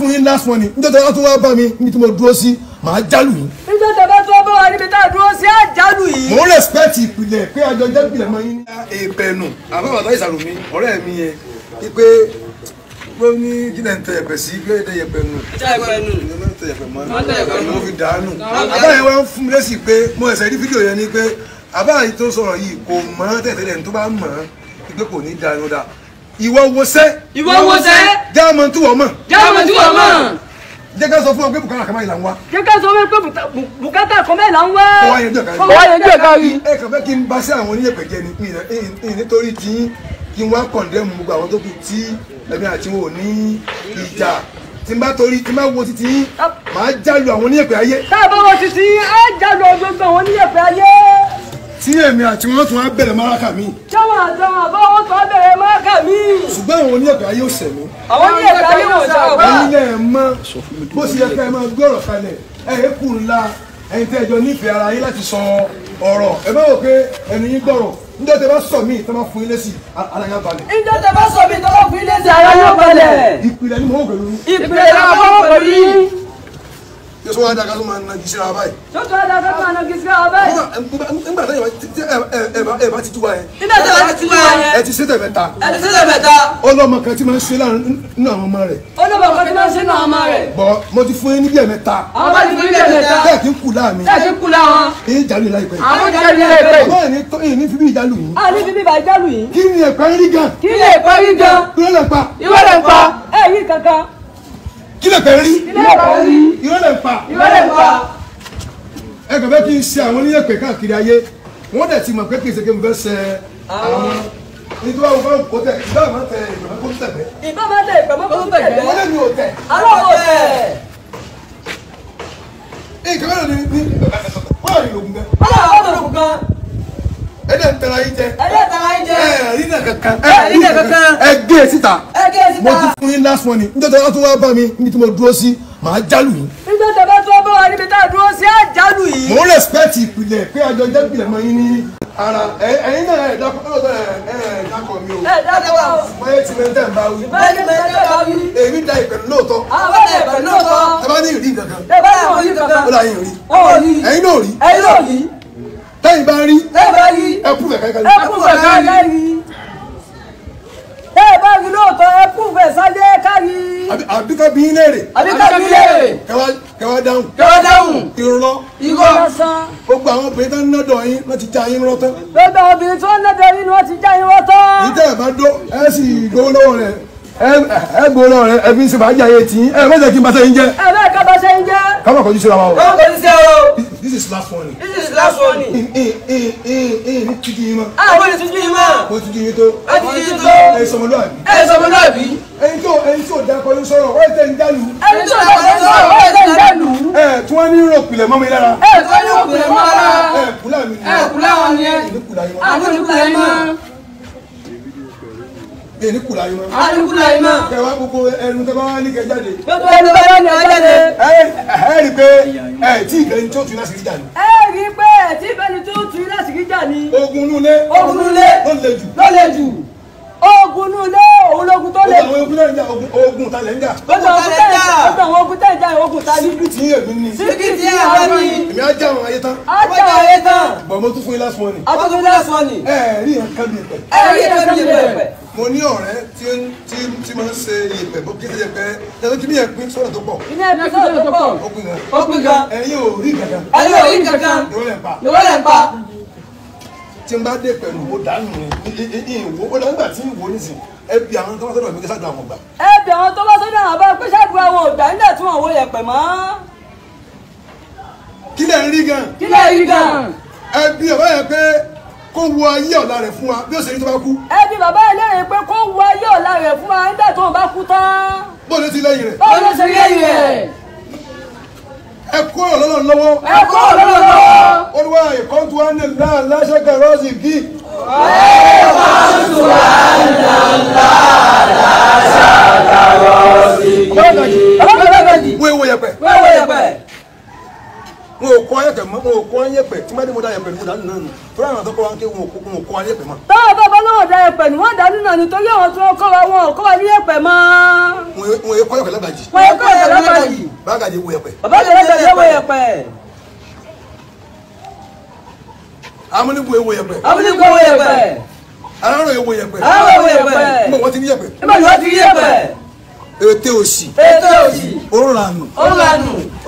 fún yín last money nítorí wọn tún wá bá mi níbi tí mo dúró sí màá jálù yín. nígbà tó bá bá wa níbi tá a dúró sí á jálù yín. mo ń respect ìpìlẹ̀ pé àjọ jẹ́ ìpìlẹ̀ mọ́ yín. ìbẹ̀nù àbábàtà ìsàlùmí ọ̀rẹ́ mi yẹn wípé pé ó ní kí lẹ́yìn tẹ ẹ̀pẹ̀ sí pé ẹ̀dẹ̀ yẹpẹ̀ nù. ẹ̀dẹ̀ yẹpẹ̀ mọ́ ni mo fi dànù. àbáyé wa ń fún mi lẹ́sìn pé mo ẹ̀sẹ̀ rí fídíò yẹn ni pé àbáyé tó sọ̀rọ̀ pé kò ní ìwọ wo sẹ́. ìwọ wo sẹ́. jáàmù tí wọ́n mọ̀. jáàmù tí wọ́n mọ̀. jẹ́ ká sọ fún ọ pé bùkátà kan báyìí là ń wá. jẹ́ ká sọ fún ọ pé bùkátà kan báyìí là ń wá. ọwọ́ yẹn jẹ́ ká ẹ kàn fẹ́ kí n bá sí àwọn oníyẹ̀pẹ̀ ni nítorí tí kí n wá kọ̀ndẹ́mù gbogbo àwọn tó kù tí ẹ̀mí àti wọn ò ní ìjà tí n bá torí tí n bá wo titi yín màá jálu àwọn oníyẹ̀pẹ̀ ayé. tá a bá wo titi yín á jálu gbogbo àwọn oníyẹ̀pẹ̀ ayé tí èmi àti wọn tún á bẹ̀rẹ̀ máraka mi. jọ̀wọ́ àjọwọ́ bá wọn tún á bẹ̀rẹ̀ máraka mi. ṣùgbọ́n àwọn oníyẹ̀dọ̀ ayé ò sẹ̀mí. àwọn oníyẹ̀dọ̀ ayé ò sẹ̀mí. ẹ̀yin lẹ mọ̀ bó ṣe yẹ ká ẹ máa gbọ́rọ̀ kalẹ̀ ẹ yẹ kù ńlá ẹ̀yin tẹ́ ẹjọ́ nífẹ̀ẹ́ ara yín láti sọ ọ̀rọ̀ ẹ bá wò pé ẹnu yín gbọ́rọ̀ njẹ́ tẹ́ bá sọ mí tẹ́ bá fún ilé sí ara yín balẹ̀. njẹ́ tẹ́ bá sọ mí tẹ́ bá fún ilé sí ara yín balẹ̀. ìpìlẹ̀ ni mo wò pẹ̀lú. ìpìlẹ̀ ni mo wò pẹ̀lú tó wá da ká tó máa nagi síra báyìí. tó tó wá da ká tó máa nagi síra báyìí. nígbà tí ẹ bá ti tú wa yẹn. nígbà tí ẹ bá ti tú wa yẹn. ẹ ti ṣètò ẹ̀mẹ́ta. ẹ ti ṣètò ẹ̀mẹ́ta. ọlọ́mọ kan ti máa ń ṣe nínú àwọn ọmọ rẹ̀. ọlọ́mọ kan ti máa ń ṣe nínú àwọn ọmọ rẹ̀. bọ̀ mo ti fún yín níbi ẹ̀mẹ́ta. àwọn bá ti fún yín níbi ẹ̀mẹ́ta. bẹ́ẹ̀ kí n kù láàmì. bẹ́ẹ̀ kí n kù láwọn. èyí jálù yìí láìpẹ́. àwọn jálù yìí láìpẹ́. bẹ́ẹ̀ ni tó èyí ní fi bí ìjálù yìí. a ní fi bí ìjálù yìí. kí ni ẹ̀pẹ́ rí gan. kí ni ẹ̀pẹ́ rí gan. ìwé lẹ̀ pa. ìwé lẹ̀ pa. ẹ̀yìn kankan kí lè pẹ́ rí irọ́ lè pa ẹ kàn fẹ́ kí n ṣe àwọn oníyẹ̀pẹ̀ káàkiri ayé wọ́n dẹ̀ ti mọ̀ pé kì í ṣe kí n fẹ́ ṣe àwọn nítorí àwọn fẹ́ kó tẹ̀ ìgbà máa tẹ ìgbà kó tẹ̀ bẹ́. ìgbà máa tẹ ìgbà kó tẹ̀ bẹ́. wọ́n lè mi ò tẹ̀. àlọ́ ò tẹ̀. nǹkan mẹ́rin ni ní wọ́n lè lògùn gan. wọ́n lè lògùn gan. ẹ dẹ̀ ń tẹ̀ra yín jẹ. ẹ dẹ̀ ń tẹ̀ra yín jẹ. ẹ rí nà kankan. ẹ rí nà kankan. ẹ gé e síta mo ti fún yín last morning nítorí wọn tún wá bá mi níbi tí mo dúró sí màá jálù yín. nígbà tí a bá tún bá wa níbi tá a dúró sí á jálù yìí. mo ń respect ìpìlẹ̀ pé àjọ jẹ́ ìpìlẹ̀ mọ́ yín ní ara ẹ̀yin náà ẹ̀ dákọ̀ mi o. ẹ̀ dákọ̀ wa o. mo yẹ ti mẹ́tẹ̀ ń bá wí. mẹ́tẹ̀ mẹ́tẹ̀ bá wí. èmi da ìpẹ̀lú lóòótọ́. àwọn ọ̀dà ìpẹ̀lú lóòótọ́. ẹ bá ní ìrí nǹkan. ẹ bá ní ìrí nǹkan. ó dà yín rí. ó rí. ẹ̀yin náà rí. ẹ̀yin náà rí. tẹ́yìn bá rí. tẹ́yìn bá rí. ẹ kú fẹ̀ kẹ́kẹ́ rí. ẹ kú fẹ̀ kẹ́kẹ́ rí. àbí ká bí léèrè. àbí ká bí léèrè. kẹwàá dáhùn. kẹwàá dáhùn. irọ́. irọ́ lásán. gbogbo àwọn obìnrin tó ń nọ́dọ̀ yín wọ́n ti já yín rọ́ tán. gbogbo àwọn obìnrin tó ń nọ́dọ̀ yín wọ́n ti já yín rọ́ tán. ìtẹ́ ẹ̀ bá dó ẹ sì gbowó lọ́wọ́ rẹ̀ ẹ gbowó lọ́wọ́ rẹ̀ ẹ fi ń ṣe fàájà yé tì í ẹ mẹ́tẹ̀ẹ́ kí n bá sẹ́yìn jẹ́. ẹ bẹ́ẹ̀ ká bá sẹ́yìn jẹ́. ká má kọjú síra wa o. ká má kọjú síra o. This is last warning. This is last warning. In in in in in ní tuntun yìí mọ́. A kò lè tuntun yìí mọ́. Mo tuntun yìí tó. A ti tuntun tó. Ẹ sọmọlúwàbí. Ẹ sọmọlúwàbí. Ẹni tó ẹni tó dakọ̀ ló sọ̀rọ̀ ó yẹ tẹ̀ ń dàlú. Ẹni tó dakọ̀ ló sọ̀rọ̀ ó yẹ tẹ̀ ń dàlú. Ẹ tí wọ́n ní rògbìlẹ̀ mọ́ mi lára. Ẹ tí wọ́n ní rògbìlẹ̀ mọ́ lára. Ẹ mi ni. Ẹ kúlà ni. Ẹ kúlà yín mọ́. Àwọn ìkúlà yín èyí kùlà yìí mọ. a ní kùlà yìí mọ. kẹwàá gbogbo ẹnu tẹ bá wà ní kẹjáde. gbogbo ẹnu tẹ bá ní kẹjáde. ẹ ẹ rí i pé ẹ tí ìbẹni tó tún iná sì rí jà ni. ẹ rí i pé ẹ tí ìbẹni tó tún iná sì rí jà ni. ogun nulẹ. ogun nulẹ. ló le jù. ló le jù. ogun nulẹ òun lógun tó le jù. ogun tẹ ń jà ogun ta lẹ ń jà. ogun ta lẹ ń jà. ogun ogun tẹ ń jà ogun ta ni. síkìtì yẹn mi ni. síkìtì yẹn mi ni. èmi á já àwọn ayé tán. á já ayé tán. bọ̀ mo tún fún yín lásán ni. a tún fún yín lásán ni. ẹ ẹ rí ẹ mo ní ọ̀rẹ́ tí tí tí máa ń ṣe ìyẹ̀pẹ̀ bó kéde yẹ̀pẹ̀ yàtọ̀ kí ni yẹn pín sọ́nà tó pọ̀. iná ẹ̀pẹ̀ sọ́nà tó pọ̀. ó pin gan. ó pin gan. ẹ̀yin ò rí kankan. ẹ̀yin ò rí kankan. ìwọlẹ̀ ń pa. ìwọlẹ̀ ń pa. tí n bá dé pẹ̀lú mo dànù ní ìwò ó dàgbà tí ń wò ó nísìn ẹ bi àwọn tó bá sọ́dọ̀ mi kí sádùn àwọn gbà. ẹ bi àwọn tó bá sọ́dọ̀ àwọn bá pé sádùn àwọn ògbà nígbà tí wọn ò wọ yẹ̀pẹ̀ mọ́. kí lẹ̀ ń rí gan. kí lẹ̀ ń rí gan. ẹ bi ọ̀bá yẹn pé kó wo ayé ọ̀la rẹ̀ fún wa bí ó ṣe rí tó bá kú. ẹ bí bàbá eléyìí pé kó wo ayé ọ̀la rẹ̀ fún wa nígbà tó o bá kú tán. bóòlù ti lẹ́yìn rẹ̀. bóòlù ti lẹ́yìn rẹ̀. ẹ kó ọlọ́run lọ́wọ́. ẹ kó ọlọ́run lọ́wọ́. olúwa ìkan tó wá ní náà láṣẹ kẹrọ́ọ̀sì kí. ìkan tó wá ní náà láṣẹ kẹrọ́ọ̀sì kí. wọn ò kọ́ ayẹ̀pẹ̀ mọ́ wọn ò kọ́ ayẹ̀pẹ̀ tí mẹ́rin mo dá ayẹ̀pẹ̀ ni mo dá nínú nù torí àwọn àtọ́kọ́ wa ń ké wọn ò kọ́ ayẹ̀pẹ̀ mọ́. tá a bá bá náà dá ayẹ̀pẹ̀ ni wọ́n dá nínú nù torí àwọn tí wọ́n kọ́ wa wọn ò kọ́ wa ní ayẹ̀pẹ̀ mọ́. wọn èkó ayọ̀pẹ̀ lágbàjì. wọn èkó ayọ̀pẹ̀ lágbàjì. bàgàjì wo yẹ̀pẹ̀. bàbá wo yẹ̀pẹ̀. amúnigbò ewo yẹ̀pẹ̀. amúnigbò ewo yẹ̀pẹ̀. aráró ewo yẹ̀pẹ̀. aráró ewo yẹ̀pẹ̀. mbọ̀ wọ́n ti ní yẹ̀pẹ̀. mbọ̀ wọ́n ètè òsì. ètè òsì. orúranù. orúranù.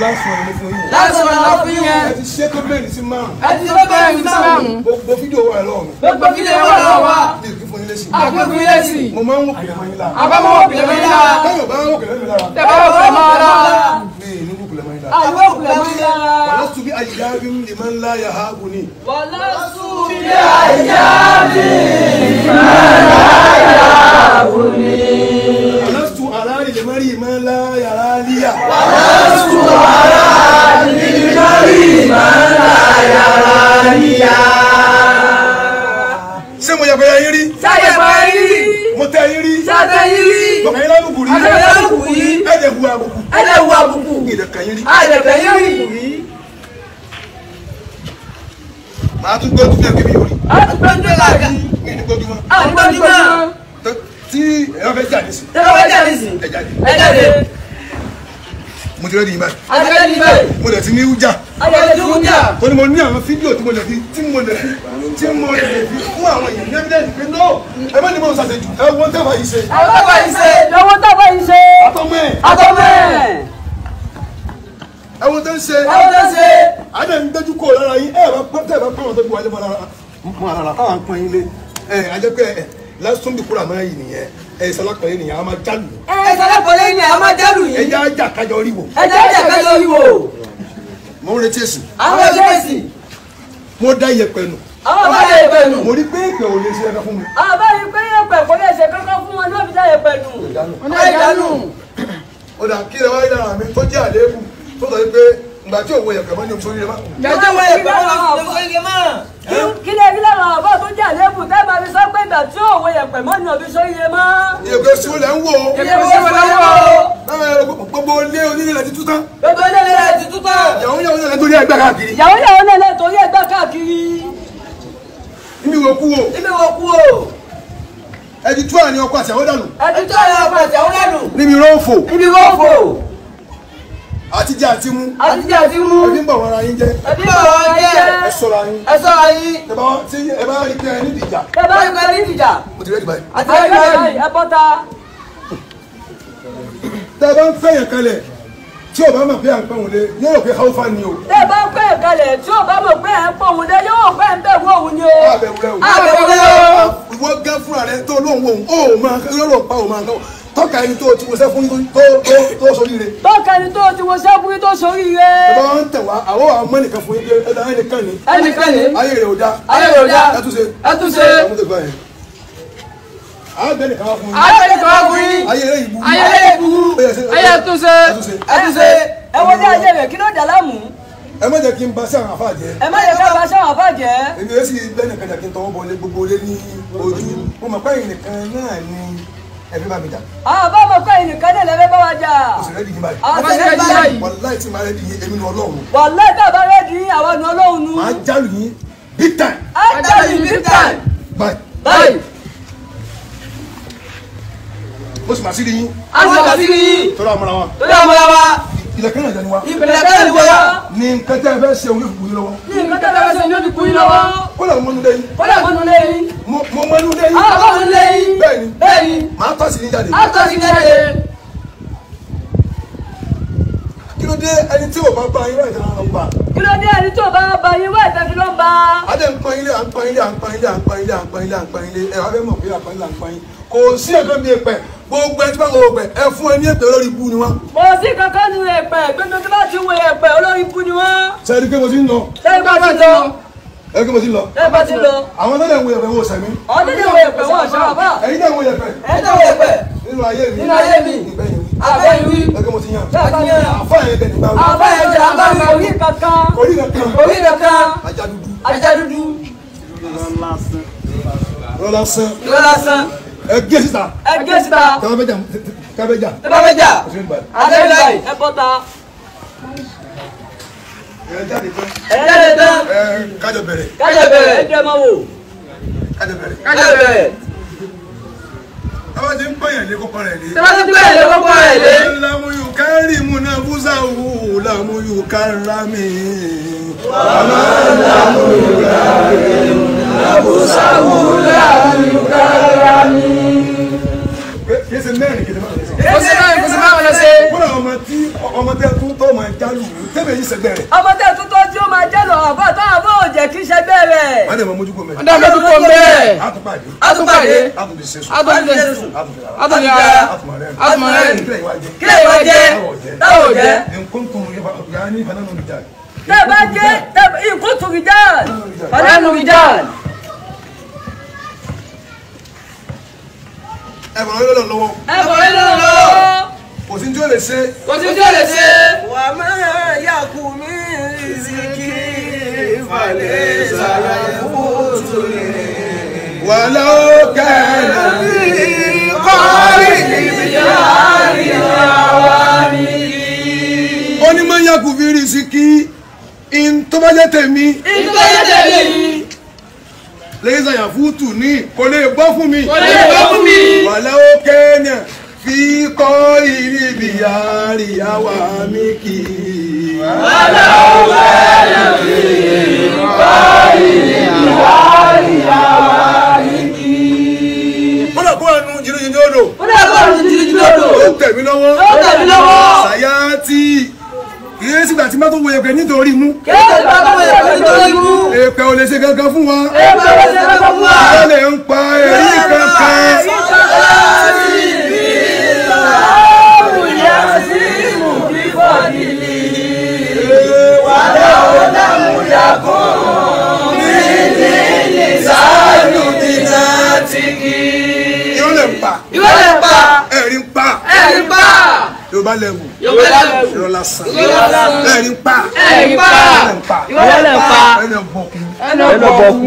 last one ni fún yín. last one lọ fún yín. ẹ ti ṣe tó bẹ́ẹ̀ sí márùn. ẹ ti ṣe tó bẹ́ẹ̀ sí márùn. gbogbo fídíò wà lọ́wọ́ mi. gbogbo fídíò wà lọ́wọ́ wa. mi ò kí fún yín lésì. a kí fún yín lésì. mo máa ń wò kìlẹ̀ mọ́ yín lára. a bá máa wò kìlẹ̀ mọ́ yín lára. tẹ́yìn ò bá wò kìlẹ̀ mọ́ yín lára. tẹ́ bá wò kìlẹ̀ mọ́ yín lára. mi ì ní wò kìlẹ̀ mọ́ yín lára. àìwò kìlẹ̀ mọ́ yín lára. wàlá tubi àyíkáàbí mi máa ń láyà ha gùn ni. wàlá tubi àyíkáàbí mi máa ń láyà ha gùn ni mọ́ láyàrá líyà. wàlásù ara nìkárì máa ń láyàrá líyà. ṣé mo yàgbẹ́ yẹn rí. sáyẹ̀pá yín rí. mo tẹ yín rí. sátẹ yín rí. bàbá yín lálùkù rí. àtẹ̀yẹ lálùkù yí. ẹ̀jẹ̀ hu àbùkù. ẹ̀jẹ̀ hu àbùkù. ìdẹ̀kẹ̀ yín rí. àdẹ̀kẹ̀ yín rí. màá tún gbọ́dọ̀ fún ẹgbẹ́ rí. a tún mi ò ní gbọ́dọ̀ tí ẹ fẹ́ jáde sí. ẹ fẹ́ jáde sí. ẹ jáde. ẹ jáde. mo ti rẹ́ di báyìí. a ti rẹ́ di báyìí. mo lè ti ní ujà. a lè ti ujà. tó ni mo ní àwọn fídíò tí mo lè fi tí mo lè fi tí mo lè fi fún àwọn èèyàn ní evidence pé no ẹ má ní mo ṣàṣejù ẹ wọ́n tẹ́ wáyé ṣe. ẹ wọ́n tẹ́ wáyé ṣe. ẹ wọ́n tẹ́ wáyé ṣe. atọ́mẹ́. atọ́mẹ́ ẹ wọ́n tẹ́ ń ṣe. ẹ wọ́n tẹ́ ń ṣe. adé ń dẹ́jú kó lára yín ẹ bá pẹ́ tẹ́ bá pẹ́ tó gbé lásùn bí kúrò àmọ́ yìí nìyẹn ẹ̀sẹ̀ alákọ̀ọ́lẹ̀ nìyẹn a máa jálù. ẹ̀sẹ̀ alákọ̀ọ́lẹ̀ nìyẹn a máa jálù yìí. ẹja ajá kájọ rí wò. ẹja ajá kájọ rí wò. mo ń retí èsì. àwọn retí èsì. mo dá iyẹ̀pẹ̀ nù. àwọn bá dá iyẹ̀pẹ̀ nù. mo rí pé ìpè ò lè ṣe kankan fún mi. àbá rí pé ìpè kò lè ṣe kankan fún wọn lóbi dá iyẹ̀pẹ̀ nù. ìdánù. ó dà kí ẹ wá rí lára tó jẹ́ àléébù tó sọ kí lè rí lára àbá tó ń wò. ègbè sùn ń wò. gbogbo ilé onílẹ̀ ti tú tán. gbogbo ilé onílẹ̀ ti tú tán. yàwó yàwó náà torí ẹgbẹ́ káàkiri. yàwó yàwó náà torí ẹgbẹ́ káàkiri. ibi wo kú o. ibi wo kú o. ẹni tú àní ọkọ àti àwọn dànù. ẹni tú àní ọkọ àti àwọn dànù. níbi rọ́ọ̀fò. níbi rọ́ọ̀fò àtijọ́ àti mú. àtijọ́ àti mú. ẹbí ń bọ̀ wọ́n ra yín jẹ́. ẹbí ń bọ̀ wọ́n jẹ́. ẹ sọ̀rọ̀ yín. ẹ sọ̀rọ̀ yín. ẹ ti ẹ bá rí pé ẹ nídìí ìjà. ẹ bá rí ẹ nídìí ìjà. mo ti rẹ́ẹ̀dì báyìí. àti rẹ́ẹ̀dì báyìí ẹ bọ́ta. tẹ bá ń fẹ̀yàn kalẹ̀ tí o bá mọ̀ pé à ń pẹ́ òun lé yóò pé haufa ni o. tẹ bá ń pẹ́ kalẹ̀ tí o bá mọ̀ pé à ń pẹ́ òun lé yóò pé ń bẹ̀rù òun ni o. àbẹ̀wò rẹ o. àbẹ̀wò rẹ o. ìwọ gán fúnra rẹ tó lóun òun ó máa yọ̀rọ̀ pa òun máa náà tọ́ka ẹni tó ti wọṣẹ́ fún tó tó sóríire. tọ́ka ẹni tó ti wọṣẹ́ fún tó sóríire. ẹ bá ń tẹ̀ wá àwọn àmọ́ nìkan fún yín pé ẹnìkan ni. ẹnìkan ni. ayé rẹ̀ ò dá. ayé rẹ̀ ò dá. ẹ tún ṣe. ẹ tún ṣe. àgbẹ̀ nìkan wá fún yín. àgbẹ̀ nìkan wá fún yín. ayé rẹ̀ ìbú. ayé rẹ̀ ìbú. ayé ẹ tún ṣe. ẹ tún ṣe. ẹ wọ dé ayé rẹ̀ kí ló dà láàmú ẹ má jẹ́ kí n ba sí àfa jẹ́. ẹ má jẹ́ kí n ba sí àfa jẹ́. èmi ẹbí bá mi jà. àbá ọmọ kọ́ ẹ̀yìn náà lẹ́fẹ́ bá wa jà. oṣù rẹ̀ dìde báyìí. àwọn ọ̀sẹ̀ rẹ̀ dìde báyìí. wàláì tí màá rẹ̀ dìde èmi nu ọlọ́run. wàláì bá a bá rẹ̀ dìde àwọn nu ọlọ́run nu. màá jálù yín big time. á jálù yín big time. báyìí. báyìí. mo sì máa sí rí yín. a sì máa sí rí yín. tó dáa wa. tó dáa wa ìlẹ̀kẹ̀ náà jẹni wa. ìlẹ̀kẹ̀ náà wa. ní nǹkan tẹ́ ẹ fẹ́ ṣe olú ìfúnni lọ́wọ́. ní nǹkan tẹ́ ẹ fẹ́ ṣe olú ìfúnni lọ́wọ́. ó lè mọnú lẹ́yìn. ó lè mọnú lẹ́yìn. mo mọnú lẹ́yìn. a bá mọnú lẹ́yìn. bẹ́ẹ̀ni bẹ́ẹ̀ni. màá tọ́ sí ní jáde. a tọ́ sí ní jáde. kí ló dé ẹni tí ò bá bá yín wá ìdáná lọ bá. kí ẹni tí ò bá bá yín wá ìdáná lọ bá. adé ń pọnyin lé à ń pọnyin lé à ń pọnyin lé à ń pọnyin lé ẹ wá fẹ́ mọ̀ pé à ń pọnyin lé à ń kò sí ẹ̀gbọ́n mi pẹ̀ gbogbo ẹ tí bá gbogbo ẹ ẹ fún ẹ ní olórí ibú ni wọn. mo sì kankan nu èpè gbẹgbẹ tó bá ti wo èpè olórí ibú ni wọn. sẹ́ẹ̀dì pé mo ti ń lọ. sẹ́ẹ̀dì pé mo ti lọ ẹgbẹ́ mo mo ti lọ. àwọn tó wo yẹ̀pẹ̀ wo sẹ̀mí. ọdún wo yẹ̀pẹ̀ wọn àṣà ẹ̀yin náà wo yẹ̀pẹ̀. ẹ̀yin náà wo yẹ̀pẹ̀. nínú ayé mi. nínú ayé mi. ìgbẹ́yìn wí. abẹ́yìn wí. ẹgbẹ́ mo ti yan. bẹ́ẹ̀ ti yan. àfa yẹn bẹ̀ nígbà wo. àfa yẹn jẹ àbá mi orí kankan. orí kankan. orí ẹ gé síta. ẹ gé síta. tẹ́lá bẹ́jà tẹ́lá bẹ́jà. tẹ́lá bẹ́jà adébíláyì ẹ bọ́ta. ẹ jáde tán. ẹ jáde tán. ẹ kájọ bẹ̀rẹ̀. kájọ bẹ̀rẹ̀ ẹ jẹ́ máa wò. kájọ bẹ̀rẹ̀. kájọ bẹ̀rẹ̀. tọ́wọ́ ń pẹ̀yàn lé kópa rẹ̀ lé. tọ́wọ́ ń pẹ̀yàn lé kópa rẹ̀ lé. lámúyù kárì múná búzà wù lámúyù kárà wàhálà lámúyù kárì àbúṣàwù lálùkà rání. kìsì mẹ́rin kìsì mẹ́rin kìsì mẹ́rin kìsì mẹ́rin lọ́sẹ̀. ọmọ tẹ tún tọ́ tí ó máa jálù àbọ̀ tó àbọ̀ ò kí sẹ́gbẹ́ rẹ̀. wọ́n dẹ̀ mọ mójúkó mẹ́rin. wọ́n dẹ̀ mọ mójúkó mẹ́rin. àtúpàdé àtúpàdé àtúpàdé àtúpàdé àtúpàdé kílẹ̀ ìwà jẹ́ táwọn ò jẹ́. tẹ́ bá jẹ́ tẹ́ ikú tùrìjà. fàlẹ́ nùrìjà. ẹ̀fọ̀rọ̀ yóò lọ lọ́wọ́. ẹ̀fọ̀rọ̀ yóò lọ lọ́wọ́. kò sí tí ó lè ṣe. kò sí tí ó lè ṣe. wà á máa yà kú mi rìsíkì ìfàlẹ̀ sàrà fóòtù rẹ̀. wà á lọ kẹ́lá mi kọ́rí ìyáàrí àwa mi. ó ní máa yà kú mi rìsíkì ìntọ́bájẹ́ tèmi. ìntọ́bájẹ́ tèmi lẹ́yìn sàyàn fúùtù ní kò lè bọ́ fún mi. kò lè bọ́ fún mi. wàlẹ́ ó kẹ́ẹ̀nà fi kọ́ ìrìbì àárí mi kì í. wàlẹ́ ó kẹ́ẹ̀nà fi kọ́ ìrìbì àárí mi kì í. ó lọ kó ẹnu jìnnìjìnnì odò. ó lọ kó ẹnu jìnnìjìnnì odò. ó tẹ̀ lọ́wọ́. ó tẹ̀ lọ́wọ́. sàyà tí kìí sígbà tí mọ́tò wo èpè nítorí imú. kìí sígbà tó wo èpè nítorí imú. èpè ò lè ṣe kankan fún wa. èpè ò lè ṣe kankan fún wa. wọ́n lè ń pa èrí kankan. Yago yorùbá lẹ́mù irọ́ lásán ẹ̀rí ń pa ẹ̀rí ń pa irọ́ lẹ́ ń pa ẹ̀rí ń bọ̀kú ẹ̀rí ń bọ̀kú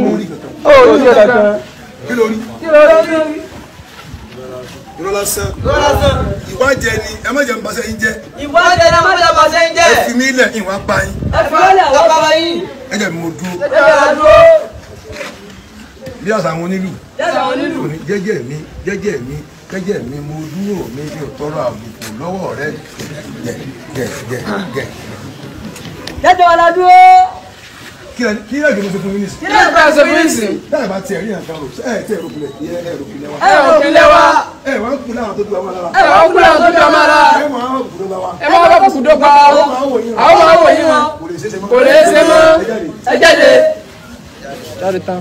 ó ní ìjọba kan kí ló rí irọ́ lásán ìwà jẹ ni ẹ má jẹ ń basẹ́ yín jẹ ìwà jẹ ni ẹ má jẹ ń basẹ́ yín jẹ ẹ fi mí lẹ̀ ìwà pa yín ẹ fi mí lẹ̀ ìwà pa yín ẹ jẹ mi mo dúró ẹ jẹ mi mo dúró bí àṣà àwọn onílù jẹ́jẹ́ mi jẹ́jẹ́ mi kẹ́jẹ́ mi mo dúró mi mi ò tọrọ àbùkù lọ́wọ́ rẹ gẹ̀ gẹ̀ gẹ̀ gẹ̀. jẹjẹ wọn la dúró. kí ẹ kí ẹ gbẹmọsọ fún mínísì. kí ẹ gbẹmọsọ fún mínísì. bẹ́ẹ̀ bá tiẹ̀ rí nǹkan rò ẹ tẹ ẹrù pilẹ̀ ẹ ẹrù pilẹ̀ wa. ẹ ẹrù pilẹ̀ wa. ẹ wà ń kun láwọn tó dùn àwọn alára. ẹ wà ń kun láwọn tó dùn àwọn alára. ẹ wà á kùdó bá wa. ẹ wà á kùdó bá wa. àwọn máa wò yín wọn. kò lè ṣe mọ́. ẹ jáde. jáde tán.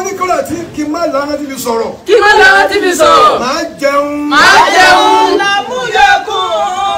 wọ́n ní kọ́lá tí kì í má lára tí mi sọ̀rọ̀. kì í má lára tí mi sọ̀rọ̀. màá jẹun. màá jẹun. làmúyẹ̀kùn.